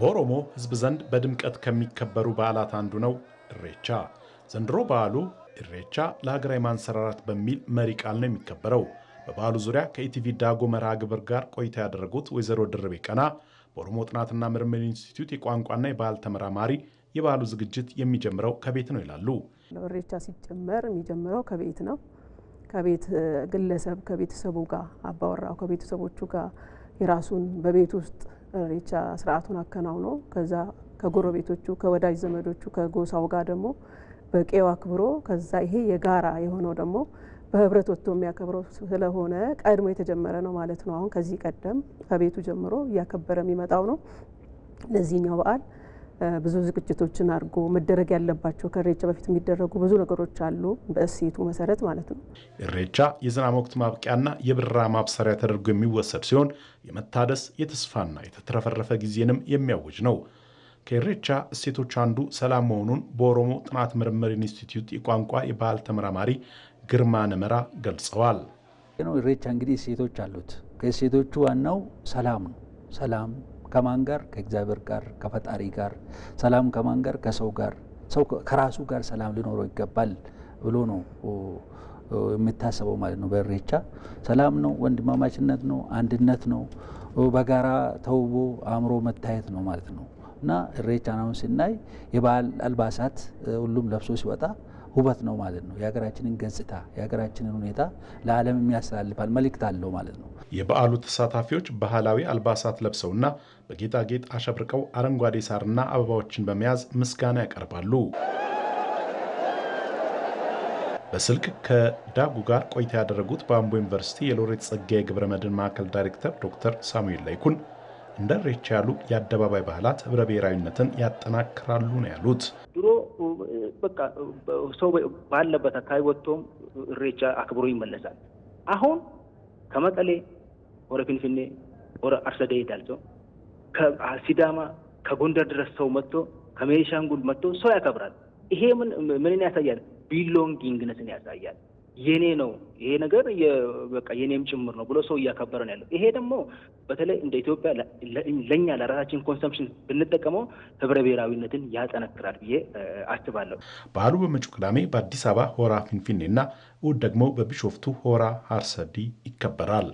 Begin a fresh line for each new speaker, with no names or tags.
በኦሮሞ ሕዝብ ዘንድ በድምቀት ከሚከበሩ በዓላት አንዱ ነው እሬቻ። ዘንድሮ በዓሉ እሬቻ ለሀገራዊ ማንሰራራት በሚል መሪ ቃል ነው የሚከበረው። በበዓሉ ዙሪያ ከኢቲቪ ዳጎ መርሃ ግብር ጋር ቆይታ ያደረጉት ወይዘሮ ድርቤ ቀና በኦሮሞ ጥናትና ምርምር ኢንስቲትዩት የቋንቋና የባህል ተመራማሪ የበዓሉ ዝግጅት የሚጀምረው ከቤት ነው ይላሉ።
እሬቻ ሲጀመር የሚጀምረው ከቤት ነው። ከቤት ግለሰብ ከቤተሰቡ ጋር አባወራው ከቤተሰቦቹ ጋር የራሱን በቤት ውስጥ ሬቻ ስርዓቱን አከናውኖ ከዛ ከጎረቤቶቹ ከወዳጅ ዘመዶቹ ከጎሳው ጋር ደግሞ በቄው አክብሮ ከዛ ይሄ የጋራ የሆነው ደግሞ በህብረት ወጥቶ የሚያከብረው ስለሆነ ቀድሞ የተጀመረ ነው ማለት ነው። አሁን ከዚህ ቀደም ከቤቱ ጀምሮ እያከበረ የሚመጣው ነው ለዚህኛው በዓል ብዙ ዝግጅቶችን አድርጎ መደረግ ያለባቸው ከእሬቻ በፊት የሚደረጉ ብዙ ነገሮች አሉ፣ በእሴቱ መሰረት ማለት ነው።
ኢሬቻ የዝናብ ወቅት ማብቂያና የብራ ማብሰሪያ ተደርጎ የሚወሰድ ሲሆን የመታደስ የተስፋና የተትረፈረፈ ጊዜንም የሚያውጅ ነው። ከእሬቻ እሴቶች አንዱ ሰላም መሆኑን በኦሮሞ ጥናት ምርምር ኢንስቲትዩት የቋንቋ የባህል ተመራማሪ ግርማ ነመራ ገልጸዋል።
እሬቻ እንግዲህ እሴቶች አሉት። ከእሴቶቹ ዋናው ሰላም ነው። ሰላም ከማን ጋር? ከእግዚአብሔር ጋር፣ ከፈጣሪ ጋር። ሰላም ከማን ጋር? ከሰው ጋር። ሰው ከራሱ ጋር ሰላም ሊኖረው ይገባል ብሎ ነው የሚታሰበው ማለት ነው። በኢሬቻ ሰላም ነው፣ ወንድማማችነት ነው፣ አንድነት ነው፣ በጋራ ተውቦ አእምሮ መታየት ነው ማለት ነው እና ኢሬቻን አሁን ስናይ የበዓል አልባሳት ሁሉም ለብሶ ሲወጣ ውበት ነው ማለት ነው። የሀገራችንን ገጽታ የሀገራችንን ሁኔታ ለዓለም የሚያስተላልፋል መልእክት አለው ማለት ነው።
የበዓሉ ተሳታፊዎች ባህላዊ አልባሳት ለብሰውና በጌጣጌጥ አሸብርቀው አረንጓዴ ሳርና አበባዎችን በመያዝ ምስጋና ያቀርባሉ። በስልክ ከዳጉ ጋር ቆይታ ያደረጉት በአምቦ ዩኒቨርሲቲ የሎሬት ጸጋዬ የግብረ መድን ማዕከል ዳይሬክተር ዶክተር ሳሙኤል ላይኩን እንደ ሬቻ ያሉ የአደባባይ ባህላት ህብረ ብሔራዊነትን ያጠናክራሉ ነው ያሉት።
ድሮ በቃ ሰው ባለበት አካባቢ ወጥቶም ሬቻ አክብሮ ይመለሳል። አሁን ከመቀሌ ወደ ፊንፊኔ ወደ አርሰደ ይሄዳል ሰው ከሲዳማ ከጎንደር ድረስ ሰው መጥቶ ከቤኒሻንጉል መጥቶ ሰው ያከብራል። ይሄ ምንን ያሳያል? ቢሎንጊንግነትን ያሳያል። የኔ ነው ይሄ ነገር በቃ የኔም ጭምር ነው ብሎ ሰው እያከበረ ነው ያለው። ይሄ ደግሞ በተለይ እንደ ኢትዮጵያ ለእኛ ለራሳችን ኮንሰምፕሽን ብንጠቀመው ህብረ ብሔራዊነትን ያጠነክራል ብዬ አስባለሁ።
በዓሉ በመጪው ቅዳሜ በአዲስ አበባ ሆራ ፊንፊኔ እና እሑድ ደግሞ በቢሾፍቱ ሆራ ሀርሰዲ ይከበራል።